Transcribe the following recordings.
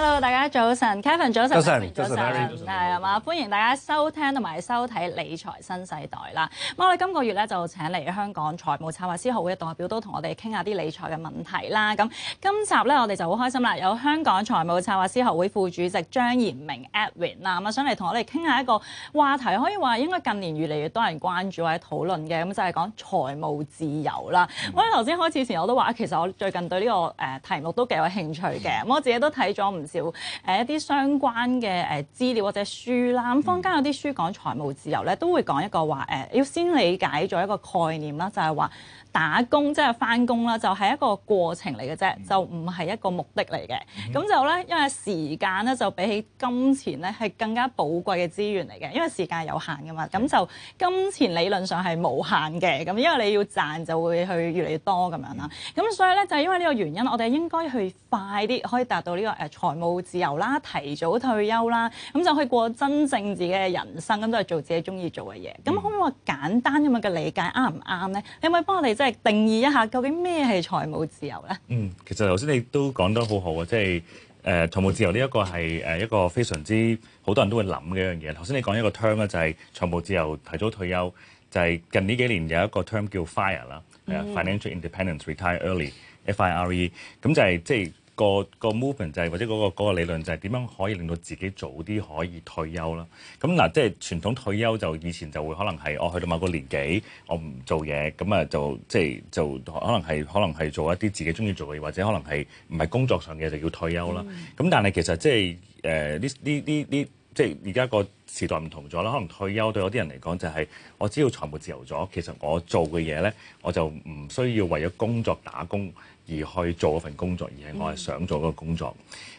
Hello，大家早晨，Kevin 早晨，早晨，係嘛？歡迎大家收聽同埋收睇《理財新世代》啦。咁我哋今個月咧就請嚟香港財務策劃師學會嘅代表都同我哋傾下啲理財嘅問題啦。咁今集咧我哋就好開心啦，有香港財務策劃師學會副主席張言銘 Edwin，咁啊想嚟同我哋傾下一個話題，可以話應該近年越嚟越多人關注或者討論嘅，咁就係講財務自由啦。咁頭先開始前我都話其實我最近對呢個誒題目都幾有興趣嘅。咁我自己都睇咗唔～ 少誒一啲相關嘅誒資料或者書啦，咁坊間有啲書講財務自由咧，都會講一個話誒，要先理解咗一個概念啦，就係、是、話打工即係返工啦，就係、是就是、一個過程嚟嘅啫，嗯、就唔係一個目的嚟嘅。咁、嗯、就咧，因為時間咧就比起金錢咧係更加寶貴嘅資源嚟嘅，因為時間有限㗎嘛。咁就金錢理論上係無限嘅，咁因為你要賺就會去越嚟越多咁樣啦。咁、嗯、所以咧就係、是、因為呢個原因，我哋應該去快啲可以達到呢、這個誒財。啊財財務自由啦，提早退休啦，咁就去過真正自己嘅人生，咁都係做自己中意做嘅嘢。咁、嗯、可唔可以簡單咁樣嘅理解啱唔啱咧？你可唔可以幫我哋即係定義一下究竟咩係財務自由咧？嗯，其實頭先你都講得好好啊，即係誒財務自由呢一、嗯就是呃、個係誒一個非常之好多人都會諗嘅一樣嘢。頭先你講一個 term 咧，就係財務自由提早退休，就係、是、近呢幾年有一個 term 叫 fire 啦、嗯，係啊、uh,，financial independence retire early，FIRE，咁、嗯、就係即係。就是就是個個 movement 就係或者嗰個嗰個理論就係點樣可以令到自己早啲可以退休啦。咁嗱，即係傳統退休就以前就會可能係我去到某個年紀，我唔做嘢，咁啊就即係就可能係可能係做一啲自己中意做嘅嘢，或者可能係唔係工作上嘅就叫退休啦。咁、嗯、但係其實即係誒呢呢呢呢，即係而家個時代唔同咗啦。可能退休對有啲人嚟講就係我只要財務自由咗，其實我做嘅嘢咧，我就唔需要為咗工作打工。而去做嗰份工作，而係我係想做個工作。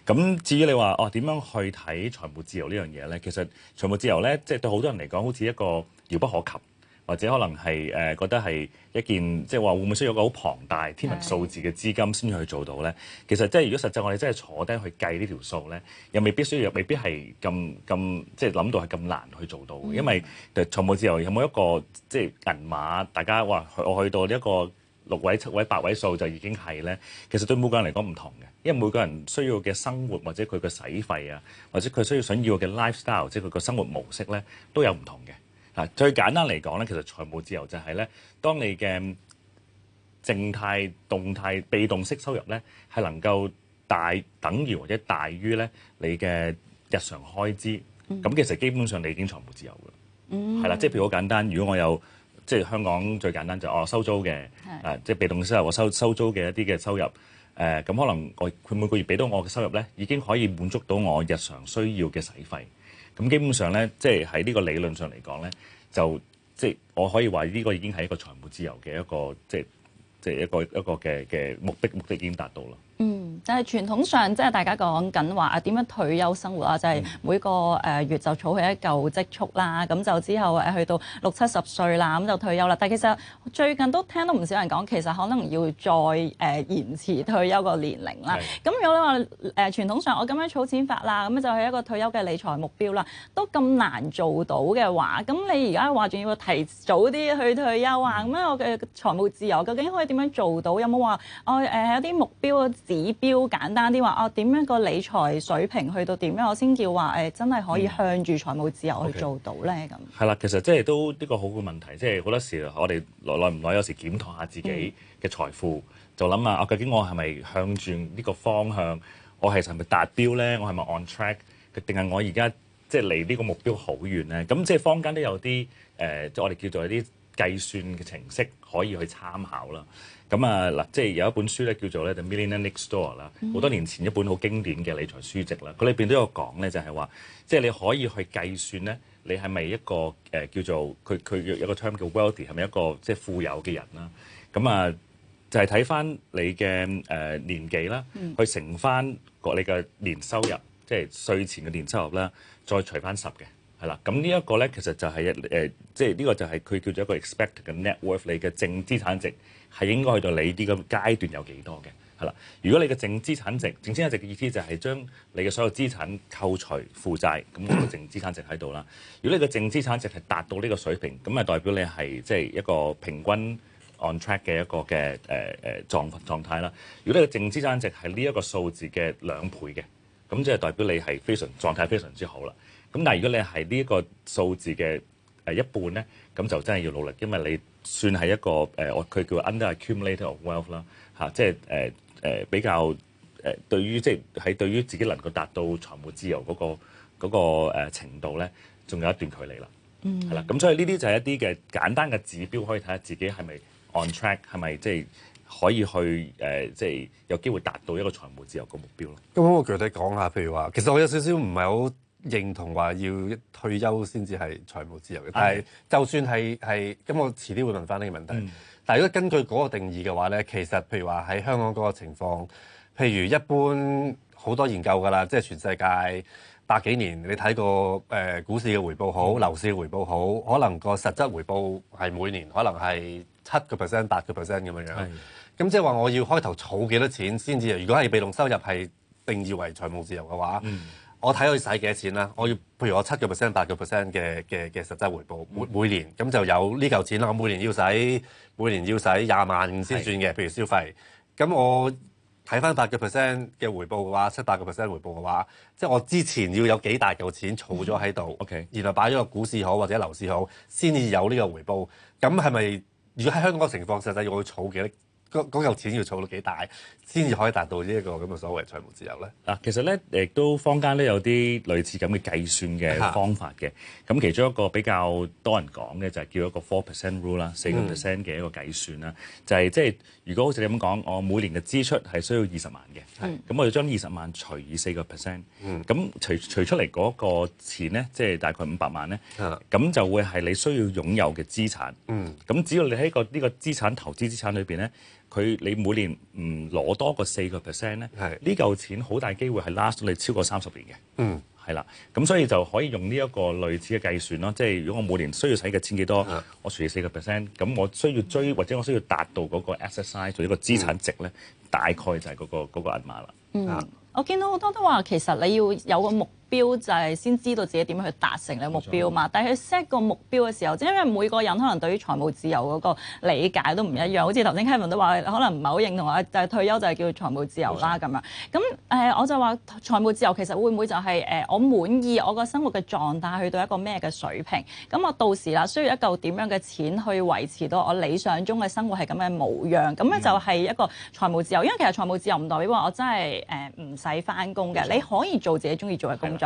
咁、嗯、至於你話哦，點、啊、樣去睇財務，務自由呢樣嘢咧？其實財務自由咧，即係對好多人嚟講好似一個遙不可及，或者可能係誒、呃、覺得係一件，即係話會唔會需要一個好龐大天文數字嘅資金先至去做到咧？是其實即、就、係、是、如果實際我哋真係坐低去計呢條數咧，又未必需要，未必係咁咁，即係諗到係咁難去做到嘅。嗯、因為財務自由有冇一個即係銀碼，大家話我去，去到呢一個。六位、七位、八位數就已經係咧，其實對每個人嚟講唔同嘅，因為每個人需要嘅生活或者佢嘅使費啊，或者佢需要想要嘅 lifestyle，即係佢個生活模式咧，都有唔同嘅。嗱，最簡單嚟講咧，其實財務自由就係咧，當你嘅靜態、動態、被動式收入咧，係能夠大等於或者大於咧你嘅日常開支，咁其實基本上你已經財務自由㗎。嗯、mm，係 hmm，啦，即係譬如好簡單，如果我有。即係香港最簡單就係、是、哦收租嘅，誒的、啊、即係被動收，收，收入，我收收租嘅一啲嘅收入，誒、嗯、咁可能我佢每個月俾到我嘅收入咧，已經可以滿足到我日常需要嘅使費。咁、嗯、基本上咧，即係喺呢個理論上嚟講咧，就即係我可以話呢個已經係一個財務自由嘅一個即係即係一個一個嘅嘅目的目的已經達到啦。嗯，但係傳統上即係大家講緊話啊，點樣退休生活啊？就係每個誒月就儲起一嚿積蓄啦，咁就之後誒去到六七十歲啦，咁就退休啦。但係其實最近都聽到唔少人講，其實可能要再誒延遲退休個年齡啦。咁如果你話誒傳統上我咁樣儲錢法啦，咁就係一個退休嘅理財目標啦，都咁難做到嘅話，咁你而家話仲要提早啲去退休啊？咁樣我嘅財務自由究竟可以點樣做到？有冇話我誒有啲目標啊？指標簡單啲話，哦、啊、點樣個理財水平去到點樣，我先叫話誒、欸、真係可以向住財務自由去做到咧咁。係啦 Okay. 那，其實即係都呢、這個好嘅問題，即係好多時我哋耐唔耐有時檢討下自己嘅財富，就諗下、啊、究竟我係咪向住呢個方向，我係實係咪達標咧？我係咪 on track 定係我而家即係離呢個目標好遠咧？咁即係坊間都有啲誒，即、呃、我哋叫做一啲。計算嘅程式可以去參考啦。咁啊嗱，即係有一本書咧叫做咧就 The Millionaire Next Door 啦、嗯，好多年前一本好經典嘅理財書籍啦。佢裏邊都有講咧，就係話，即係你可以去計算咧，你係咪一個誒、呃、叫做佢佢有個 term 叫 wealthy 係咪一個即係、就是、富有嘅人啦？咁啊，就係睇翻你嘅誒、呃、年紀啦，去乘翻你嘅年收入，嗯、即係稅前嘅年收入啦，再除翻十嘅。係啦，咁呢一個咧，其實就係一誒即係呢個就係佢叫作一個 expect 嘅 net worth，你嘅淨資產值係應該去到你呢個階段有幾多嘅？係啦，如果你嘅淨資產值，淨資產值嘅意思就係將你嘅所有資產扣除負債，咁個淨資產值喺度啦。如果你嘅淨資產值係達到呢個水平，咁啊代表你係即係一個平均 on track 嘅一個嘅誒誒狀狀態啦。如果你嘅淨資產值係呢一個數字嘅兩倍嘅，咁即係代表你係非常狀態非常之好啦。咁但係如果你係呢一個數字嘅誒一半咧，咁就真係要努力，因為你算係一個誒，我、呃、佢叫 under accumulator of wealth 啦，嚇，即係誒誒比較誒、呃、對於即係喺對於自己能夠達到財務自由嗰、嗰個嗰、嗰個呃、程度咧，仲有一段距離啦，係啦、嗯，咁所以呢啲就係一啲嘅簡單嘅指標，可以睇下自己係咪 on track，係咪即係可以去誒即係有機會達到一個財務自由嘅目標咯。咁、嗯、我具體講下，譬如話，其實我有少少唔係好認同話要退休先至係財務自由嘅，但係就算係係咁，我遲啲會問翻呢個問題。嗯、但係如果根據嗰個定義嘅話咧，其實譬如話喺香港嗰個情況，譬如一般好多研究㗎啦，即係全世界百幾年，你睇個誒股市嘅回報好，嗯、樓市嘅回報好，可能個實質回報係每年可能係七個 percent、八個 percent 咁樣樣。咁、嗯、即係話我要開頭儲幾多錢先至？如果係被動收入係定義為財務自由嘅話。嗯我睇佢使幾多錢啦？我要譬如我七個 percent、八個 percent 嘅嘅嘅實際回報，每每年咁就有呢嚿錢啦。我每年要使每年要使廿萬先算嘅，的譬如消費。咁我睇翻八個 percent 嘅回報嘅話，七八個 percent 回報嘅話，即係我之前要有幾大嚿錢儲咗喺度，OK，然後擺咗個股市好或者樓市好，先至有呢個回報。咁係咪如果喺香港情況實際我要儲幾多？講講有錢要儲到幾大先至可以達到呢一個咁嘅所謂財務自由咧？嗱，其實咧亦都坊間都有啲類似咁嘅計算嘅方法嘅。咁的其中一個比較多人講嘅就係、是、叫一個 four percent rule 啦，四個 percent 嘅一個計算啦。嗯、就係、是、即係如果好似你咁講，我每年嘅支出係需要二十萬嘅，咁的我就將二十萬除以四個 percent，咁除除出嚟嗰個錢咧，即、就、係、是、大概五百萬咧，咁的就會係你需要擁有嘅資產。咁、嗯、只要你喺個呢個資產投資資產裏邊咧。佢你每年唔攞、嗯、多過四個 percent 咧，呢嚿的錢好大機會係 last 你超過三十年嘅，係啦、嗯，咁所以就可以用呢一個類似嘅計算咯。即係如果我每年需要使嘅錢幾多，我除以四個 percent，咁我需要追或者我需要達到嗰個 SSI 做一個資產值咧，的大概就係嗰、那個嗰、那個銀碼啦。嗯，的我見到好多都話其實你要有個目標就係先知道自己點樣去達成你目標嘛。錯但係佢 set 個目標嘅時候，即因為每個人可能對於財務自由嗰個理解都唔一樣。好似頭先 Kevin 都話，可能唔係好認同啊，就係、是、退休就係叫做財務自由啦，咁錯樣。咁誒、呃，我就話財務自由其實會唔會就係、是、誒、呃、我滿意我個生活嘅狀態去到一個咩嘅水平？咁我到時啦，需要一嚿點樣嘅錢去維持到我理想中嘅生活係咁嘅模樣？咁、嗯、樣就係一個財務自由。因為其實財務自由唔代表話我真係誒唔使翻工嘅，錯你可以做自己中意做嘅工作。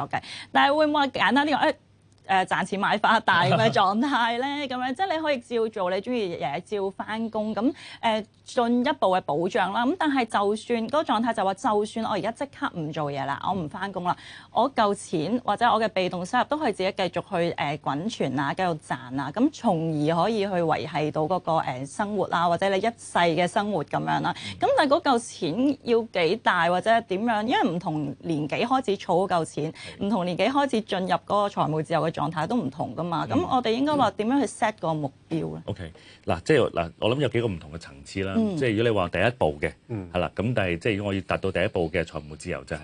但係會唔會話簡單啲講？ 誒、呃、賺錢買花大咁嘅狀態咧，咁 樣即係、就是、你可以照做，你中意誒照翻工咁誒進一步嘅保障啦。咁但係就算嗰、那個狀態就話，就算我而家即刻唔做嘢啦，我唔翻工啦，我夠錢或者我嘅被動收入都可以自己繼續去誒、呃、滾存啊，繼續賺啊，咁從而可以去維係到嗰個誒生活啊，或者你一世嘅生活咁樣啦。咁 但係嗰嚿錢要幾大或者點樣？因為唔同年紀開始儲嗰嚿錢，唔同年紀開始進入嗰個財務自由狀態都唔同噶嘛，咁、mm hmm. 我哋應該話點樣去 set 個目標咧？OK，嗱，okay. 即係嗱，我諗有幾個唔同嘅層次啦。Mm hmm. 即係如果你話第一步嘅，係、mm hmm. 啦，咁但係即係如果我要達到第一步嘅財務自由、就係，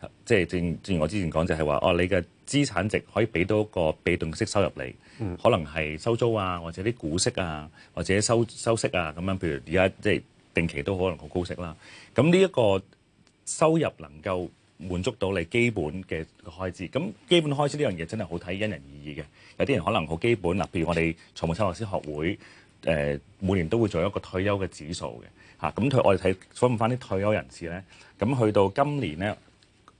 就係即係正正如我之前講，就係話哦，你嘅資產值可以俾到一個被動式收入嚟，mm hmm. 可能係收租啊，或者啲股息啊，或者收收息啊咁樣。譬如而家即係定期都可能好高息啦。咁呢一個收入能夠滿足到你基本嘅個開支，咁基本開支呢樣嘢真係好睇，因人而異嘅，有啲人可能好基本啦，譬如我哋財務策劃師學會，誒、呃、每年都會做一個退休嘅指數嘅。嚇，咁佢我哋睇訪問翻啲退休人士咧，咁去到今年咧，誒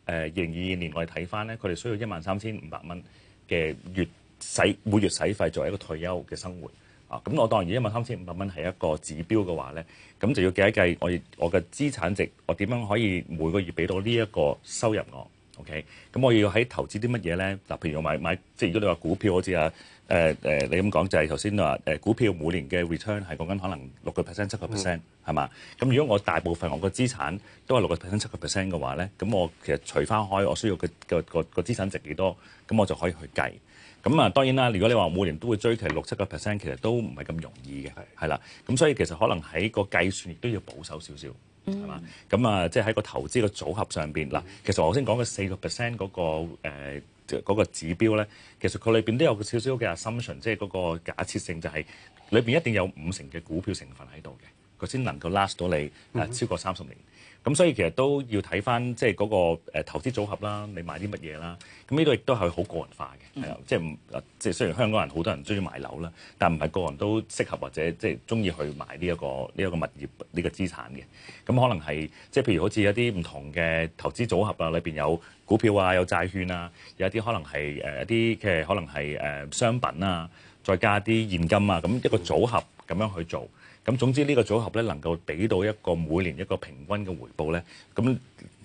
二零二二年我哋睇翻咧，佢哋需要一萬三千五百蚊嘅月使每月使費作為一個退休嘅生活。咁、哦嗯、我當然，因為三千五百蚊係一個指標嘅話咧，咁就要計一計，我我嘅資產值，我點樣可以每個月俾到呢一個收入我？OK，咁我要喺投資啲乜嘢咧？嗱，譬如我買買，即係如果你話股票，好似啊誒誒，你咁講就係頭先話誒股票每年嘅 return 係講緊可能六個 percent、七個 percent 係嘛？咁、嗯、如果我大部分我個資產都係六個 percent、七個 percent 嘅話咧，咁我其實除翻開我需要嘅個個個資產值幾多，咁我就可以去計。咁啊，當然啦。如果你話每年都會追其六七個 percent，其實都唔係咁容易嘅，係啦的。咁所以其實可能喺個計算亦都要保守少少，係嘛？咁啊、mm hmm.，即係喺個投資個組合上邊嗱，其實我頭先講嘅四個 percent 嗰個誒嗰個指標咧，其實佢裏邊都有少少嘅 assumption，即係嗰個假設性就係裏邊一定有五成嘅股票成分喺度嘅，佢先能夠 last 到你、呃、超過三十年。Mm hmm. 咁所以其實都要睇翻即係嗰個投資組合啦，你買啲乜嘢啦？咁呢度亦都係好個人化嘅，係啊，即係唔即係雖然香港人好多人中意買樓啦，但唔係個人都適合或者即係中意去買呢一個呢一個物業呢個資產嘅。咁可能係即係譬如好似一啲唔同嘅投資組合啊，裏邊有股票啊，有債券啊，有啲可能係誒一啲嘅可能係誒商品啊。再加啲現金啊！咁一個組合咁樣去做，咁總之呢個組合咧能夠俾到一個每年一個平均嘅回報咧，咁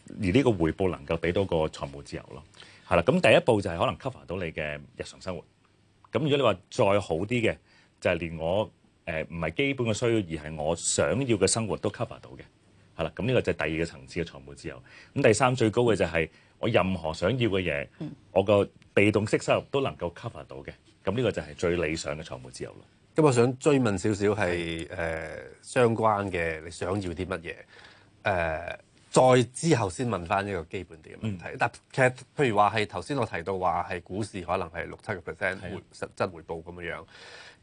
而呢個回報能夠俾到個財務自由咯。係啦，咁第一步就係可能 cover 到你嘅日常生活。咁如果你話再好啲嘅，就係、是、連我誒唔係基本嘅需要，而係我想要嘅生活都 cover 到嘅。係啦，咁、這、呢個就係第二個層次嘅財務自由。咁第三最高嘅就係我任何想要嘅嘢，嗯、我個被動式收入都能夠 cover 到嘅。咁呢個就係最理想嘅財務自由咯。咁我想追問少少係誒相關嘅，你想要啲乜嘢？誒、呃，再之後先問翻呢個基本啲嘅問題。嗯、但其實譬如話喺頭先我提到話係股市可能係六七個 percent 回實質回報咁樣樣。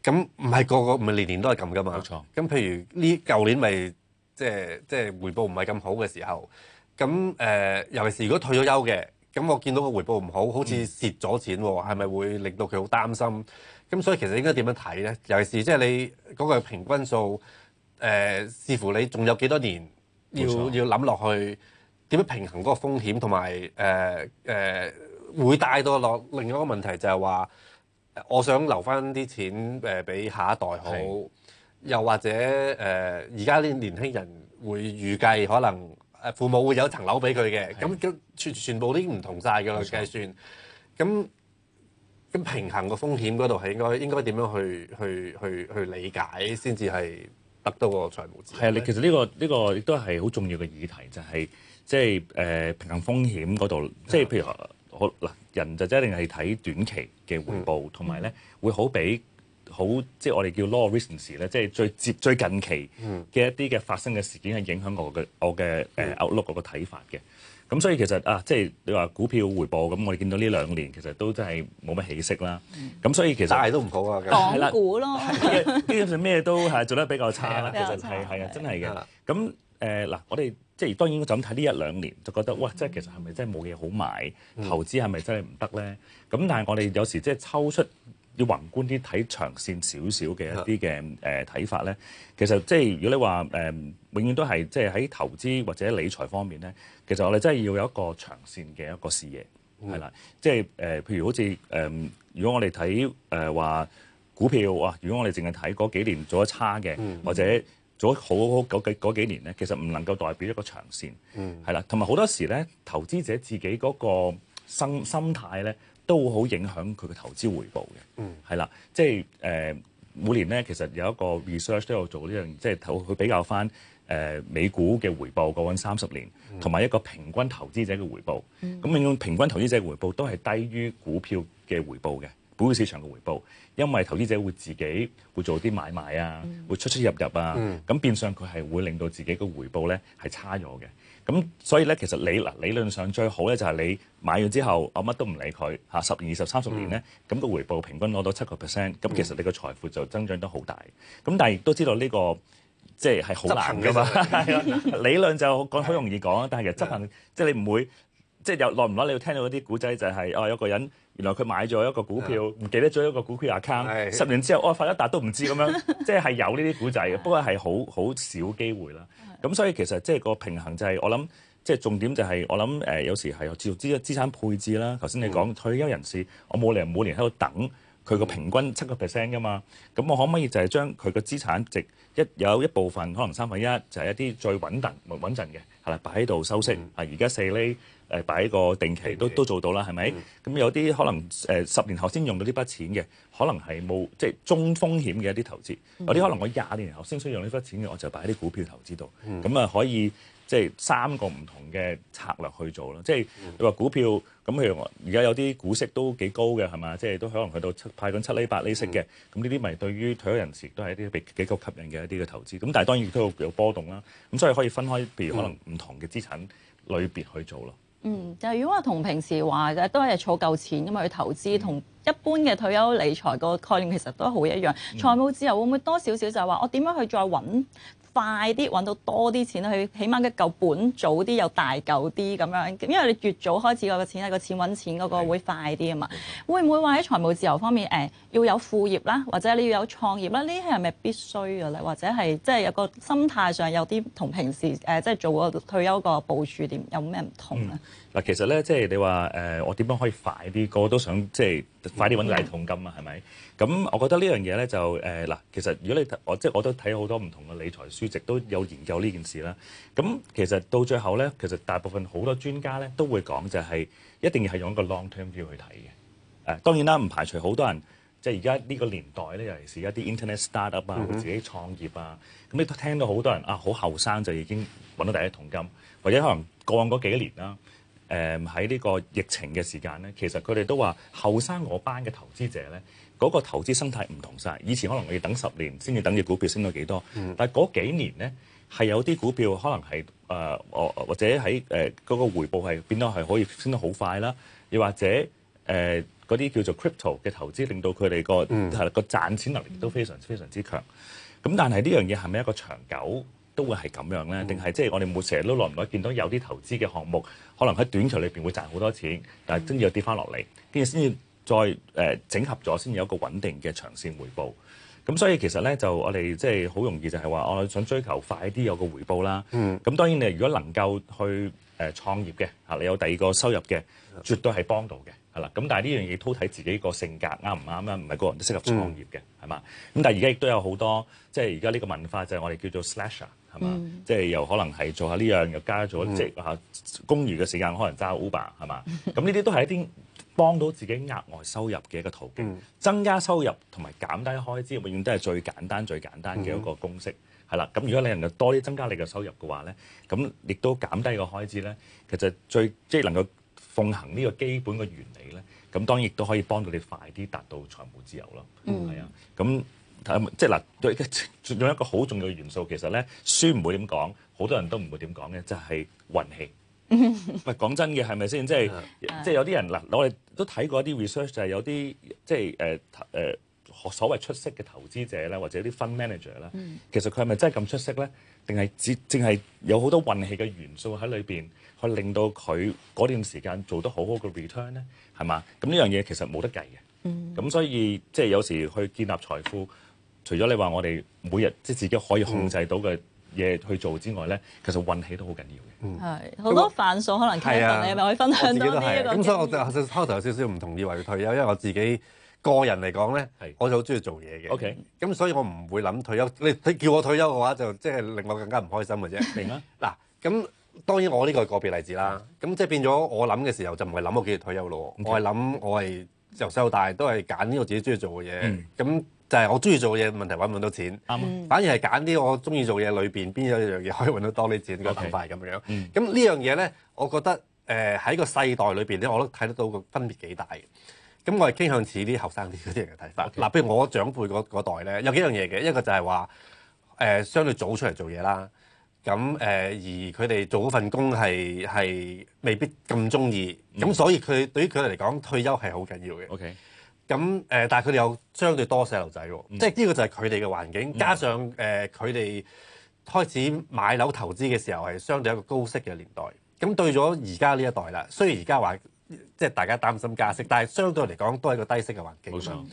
咁唔係個個唔係年年都係咁噶嘛？冇錯。咁譬如呢舊年咪即係即係回報唔係咁好嘅時候，咁誒、呃、尤其是如果退咗休嘅。咁我見到個回報唔好，好似蝕咗錢喎，哦，係咪、嗯、會令到佢好擔心？咁所以其實應該點樣睇呢？尤其是即係你嗰個平均數，誒、呃、視乎你仲有幾多年要錯要諗落去點樣平衡嗰個風險，同埋誒誒會帶到落另一個問題就係話，我想留翻啲錢誒俾，呃、下一代好，是又或者誒而家啲年輕人會預計可能。誒父母會有層樓俾佢嘅，咁咁的全全部都已經唔同晒嘅啦。錯計算咁咁平衡個風險嗰度，係應該應該點樣去去去去理解先至係得到個財務？係啊，你其實呢個呢個亦都係好重要嘅議題，就係即係誒平衡風險嗰度，即係譬如好嗱的人就即一定係睇短期嘅回報，同埋咧會好比。好即係我哋叫 law recency 咧，即係最接最近期嘅一啲嘅發生嘅事件係影響我嘅我嘅誒 Outlook 嗰個睇法嘅。咁、嗯、所以其實啊，即係你話股票回報咁，我哋見到呢兩年其實都真係冇乜起色啦。咁、嗯、所以其實大都唔好啊，港股咯，基本上咩都係做得比較差啦。 差其實係係啊，真係嘅。咁誒嗱，我哋即係當然就咁睇呢一兩年，就覺得哇，即係其實係咪真係冇嘢好買？投資係咪真係唔得咧？咁、嗯、但係我哋有時即係抽出。要宏觀啲睇長線少少嘅一啲嘅誒睇法咧，其實即係如果你話誒、呃、永遠都係即係喺投資或者理財方面咧，其實我哋真係要有一個長線嘅一個視野，係啦、mm.，即係誒、呃、譬如好似誒如果我哋睇誒話股票啊，如果我哋淨係睇嗰幾年做得差嘅，mm. 或者做得好嗰幾嗰幾年咧，其實唔能夠代表一個長線，係啦、mm.，同埋好多時咧投資者自己嗰個心心態咧，呢都好影響佢嘅投資回報嘅，係啦、嗯，即係誒、呃、每年咧，其實有一個 research 都有做呢樣，即係投佢比較返誒、呃、美股嘅回報過去三十年，同埋、嗯、一個平均投資者嘅回報。咁另外平均投資者回報都係低於股票嘅回報嘅，股票市場嘅回報，因為投資者會自己會做啲買賣啊，嗯、會出出入入啊，咁、嗯、變相佢係會令到自己嘅回報咧係差咗嘅。咁所以咧，其實理嗱理論上最好咧，就係、是、你買咗之後，我乜都唔理佢吓，十年、二十、嗯、三十年咧，咁個回報平均攞到七個 percent，咁其實你個財富就增長得好大。咁但係亦都知道呢、這個即係係好難㗎嘛， 理論就講好容易講，但係其實執行、嗯、即係你唔會即係又耐唔耐，久久你要聽到嗰啲古仔就係、是、哦有個人。原來佢買咗一個股票，唔的記得咗一個股票 account，的十年之後愛、哦、發一笪都唔知咁樣，即、就、係、是、有呢啲股仔嘅， 不過係好好少機會啦。咁的所以其實即係個平衡就係、是、我諗，即、就、係、是、重點就係、是、我諗誒、呃，有時係有資資產配置啦。頭先你講退休人士，我冇理由每年喺度等，佢個平均七個 percent 噶嘛，咁我可唔可以就係將佢個資產值一有一部分可能三分一,就一就係一啲最穩陣穩穩陣嘅係啦，擺喺度收息。啊、嗯，而家四厘誒擺、呃、個定期都定期都做到啦，係咪？咁、嗯、有啲可能誒十、呃、年後先用到呢筆錢嘅，可能係冇即係中風險嘅一啲投資。嗯、有啲可能我廿年後先需要用呢筆錢嘅，我就擺喺啲股票投資度。咁啊可以。嗯嗯即係三個唔同嘅策略去做咯，即係你話股票咁，譬如而家有啲股息都幾高嘅係嘛，即係都可能去到七派緊七厘八厘息嘅，咁呢啲咪對於退休人士都係一啲比較吸引嘅一啲嘅投資，咁但係當然亦都有波動啦，咁所以可以分開，譬如可能唔同嘅資產類別去做咯。嗯，就係如果話同平時話都係儲夠錢咁嘛，去投資同。嗯一般嘅退休理財個概念其實都好一樣，財務自由會唔會多少少就係話我點樣去再揾快啲揾到多啲錢去，起碼嘅舊本早啲又大舊啲咁樣，因為你越早開始個錢，個錢揾錢嗰個會快啲啊嘛。的會唔會話喺財務自由方面誒、呃、要有副業啦，或者你要有創業啦，呢啲係咪必須嘅咧？或者係即係有個心態上有啲同平時誒即係做個退休個部署點有咩唔同咧？嗱、嗯，其實咧即係你話誒、呃，我點樣可以快啲？個都想即係。就是嗯、快啲揾到第一桶金啊，係咪？咁我覺得呢樣嘢咧就誒嗱、呃，其實如果你我即係我都睇好多唔同嘅理財書籍，都有研究呢件事啦。咁其實到最後咧，其實大部分好多專家咧都會講就係一定要係用一個 long term view 去睇嘅。誒，當然啦，唔排除好多人即係而家呢個年代咧，尤其是而家啲 internet startup 啊、嗯哼，自己創業啊，咁你都聽到好多人啊，好後生就已經揾到第一桶金，或者可能過往嗰幾年啦。誒喺呢個疫情嘅時間咧，其實佢哋都話後生我班嘅投資者咧，嗰個投資生態唔同晒。以前可能我要等十年先至等住股票升到幾多，但係嗰幾年咧係有啲股票可能係誒我或者喺誒嗰個回報係變咗係可以升得好快啦，又或者誒嗰啲叫做 crypto 嘅投資令到佢哋個係啦個賺錢能力都非常非常之強。咁但係呢樣嘢係咪一個長久？都會係咁樣咧，定係即係我哋冇成日都耐唔耐見到有啲投資嘅項目，可能喺短期裏邊會賺好多錢，但係先至又跌翻落嚟，跟住先至再誒整合咗，先至有一個穩定嘅長線回報。咁所以其實咧，就我哋即係好容易就係話，我哋想追求快啲有個回報啦。咁、嗯、當然你如果能夠去誒創業嘅嚇，你有第二個收入嘅，絕對係幫到嘅，係啦。咁但係呢樣嘢都睇自己個性格啱唔啱啊？唔係個人都適合創業嘅，係嘛？咁、嗯、但係而家亦都有好多即係而家呢個文化就係我哋叫做 slash 係嘛？Mm hmm. 即係又可能係做下呢樣，又加咗即嚇公餘嘅時間，mm hmm. 可能揸 Uber 係嘛？咁呢啲都係一啲幫到自己額外收入嘅一個途徑，mm hmm. 增加收入同埋減低開支，永遠都係最簡單、最簡單嘅一個公式。係啦、mm，咁、hmm. 如果你能夠多啲增加你嘅收入嘅話咧，咁亦都減低個開支咧，其實最即係能夠奉行呢個基本嘅原理咧，咁當然亦都可以幫到你快啲達到財務自由咯。係啊，咁、mm。Hmm. 即係嗱，用一個好重要嘅元素，其實咧，書唔會點講，好多人都唔會點講嘅，就係、是、運氣。唔係講真嘅，係咪先？即係即係有啲人嗱， 我哋都睇過一啲 research，就係有啲即係誒誒所謂出色嘅投資者咧，或者啲 fund manager 啦、嗯，其實佢係咪真係咁出色咧？定係只淨係有好多運氣嘅元素喺裏邊，去令到佢嗰段時間做得好好嘅 return 咧？係嘛？咁呢樣嘢其實冇得計嘅。咁、嗯、所以即係有時去建立財富。除咗你話我哋每日即係自己可以控制到嘅嘢去做之外咧，其實運氣都好緊要嘅。係好多犯數可能，其實你係咪可以分享到呢一個？咁所以我就開頭有少少唔同意話要退休，因為我自己個人嚟講咧，我就好中意做嘢嘅。OK，咁所以我唔會諗退休。你叫我退休嘅話，就即係令我更加唔開心嘅啫。明啦。嗱，咁當然我呢個係個別例子啦。咁即係變咗我諗嘅時候，就唔係諗我幾時退休咯。我係諗我係由細到大都係揀我自己中意做嘅嘢。咁。就係我中意做嘢，問題揾唔揾到錢。啱啊，反而係揀啲我中意做嘢裏邊邊有一樣嘢可以揾到多啲錢嘅想法咁樣。咁、嗯、呢樣嘢咧，我覺得誒喺、呃、個世代裏邊咧，我都睇得到個分別幾大嘅。咁我係傾向似啲後生啲嗰啲人嘅睇法。嗱 Okay，譬如我長輩嗰代咧，有幾樣嘢嘅，一個就係話誒相對早出嚟做嘢啦。咁誒、呃、而佢哋做份工係係未必咁中意，咁、嗯、所以佢對於佢哋嚟講退休係好緊要嘅。OK。咁誒，嗯、但係佢哋有相對多細路仔喎，嗯、即係呢個就係佢哋嘅環境，嗯、加上誒佢哋開始買樓投資嘅時候係相對一個高息嘅年代。咁對咗而家呢一代啦，雖然而家話即係大家擔心加息，但係相對嚟講都係一個低息嘅環境。冇錯。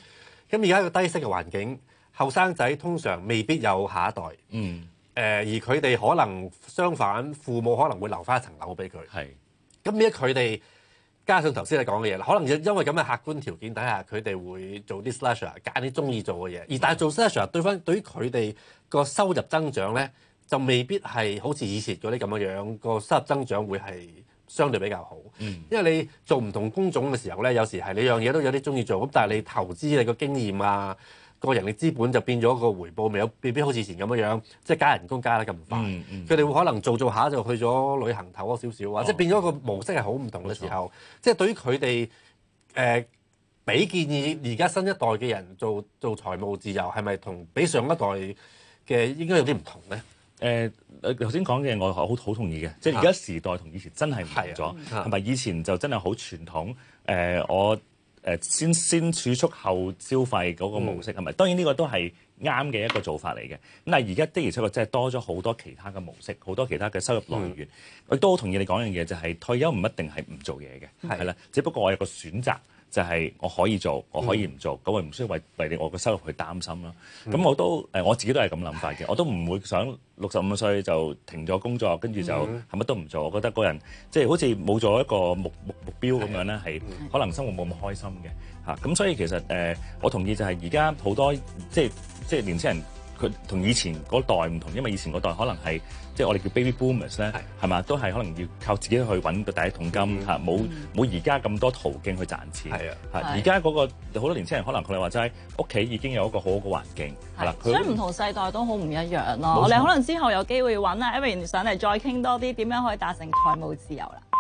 咁而家一個低息嘅環境，後生仔通常未必有下一代。嗯。誒、呃，而佢哋可能相反，父母可能會留翻一層樓俾佢。係是。咁呢？佢哋。加上頭先你講嘅嘢，可能因為咁嘅客觀條件底下，佢哋會做啲 slasher，揀啲中意做嘅嘢。而但係做 slasher 對翻，對於佢哋個收入增長咧，就未必係好似以前嗰啲咁嘅樣，個收入增長會係相對比較好。嗯。因為你做唔同工種嘅時候咧，有時係你樣嘢都有啲中意做，咁但係你投資你個經驗啊。個人力資本就變咗個回報未有，未必好似以前咁樣樣，即、就、係、是、加人工加得咁快。佢哋、嗯嗯、會可能做做下就去咗旅行，唞多少少啊！哦、即係變咗個模式係好唔同嘅時候。嗯、即係對於佢哋誒，俾、呃、建議而家新一代嘅人做做財務自由，係咪同比上一代嘅應該有啲唔同咧？誒頭先講嘅我好好同意嘅，即係而家時代同、嗯、以前真係唔同咗，係咪、嗯、以前就真係好傳統。誒、呃、我。誒先先儲蓄後消費嗰個模式係咪、嗯？當然呢個都係啱嘅一個做法嚟嘅。咁但係而家的而且確即係多咗好多其他嘅模式，好多其他嘅收入來源。嗯、我亦都好同意你講一樣嘢，就係退休唔一定係唔做嘢嘅，係啦。只不過我有個選擇。就係我可以做，我可以唔做，咁我唔需要為你我個收入去擔心囉。咁我都誒我自己都係咁諗法嘅，我都唔會想六十五歲就停咗工作，跟住就係乜都唔做。我覺得個人即係、就是、好似冇咗一個目目目標咁樣咧，係可能生活冇咁開心嘅嚇。咁所以其實誒、呃，我同意就係而家好多即係即係年青人。佢同以前嗰代唔同，因為以前嗰代可能係，即係我哋叫 baby boomers 咧，係嘛都係可能要靠自己去揾第一桶金吓，冇冇而家咁多途徑去賺錢，係啊嚇，而家嗰個好多年輕人可能佢哋話齋屋企已經有一個好好嘅環境係啦，所以唔同世代都好唔一樣咯。我哋可能之後有機會揾啊，Evan 上嚟再傾多啲點樣可以達成財務自由啦。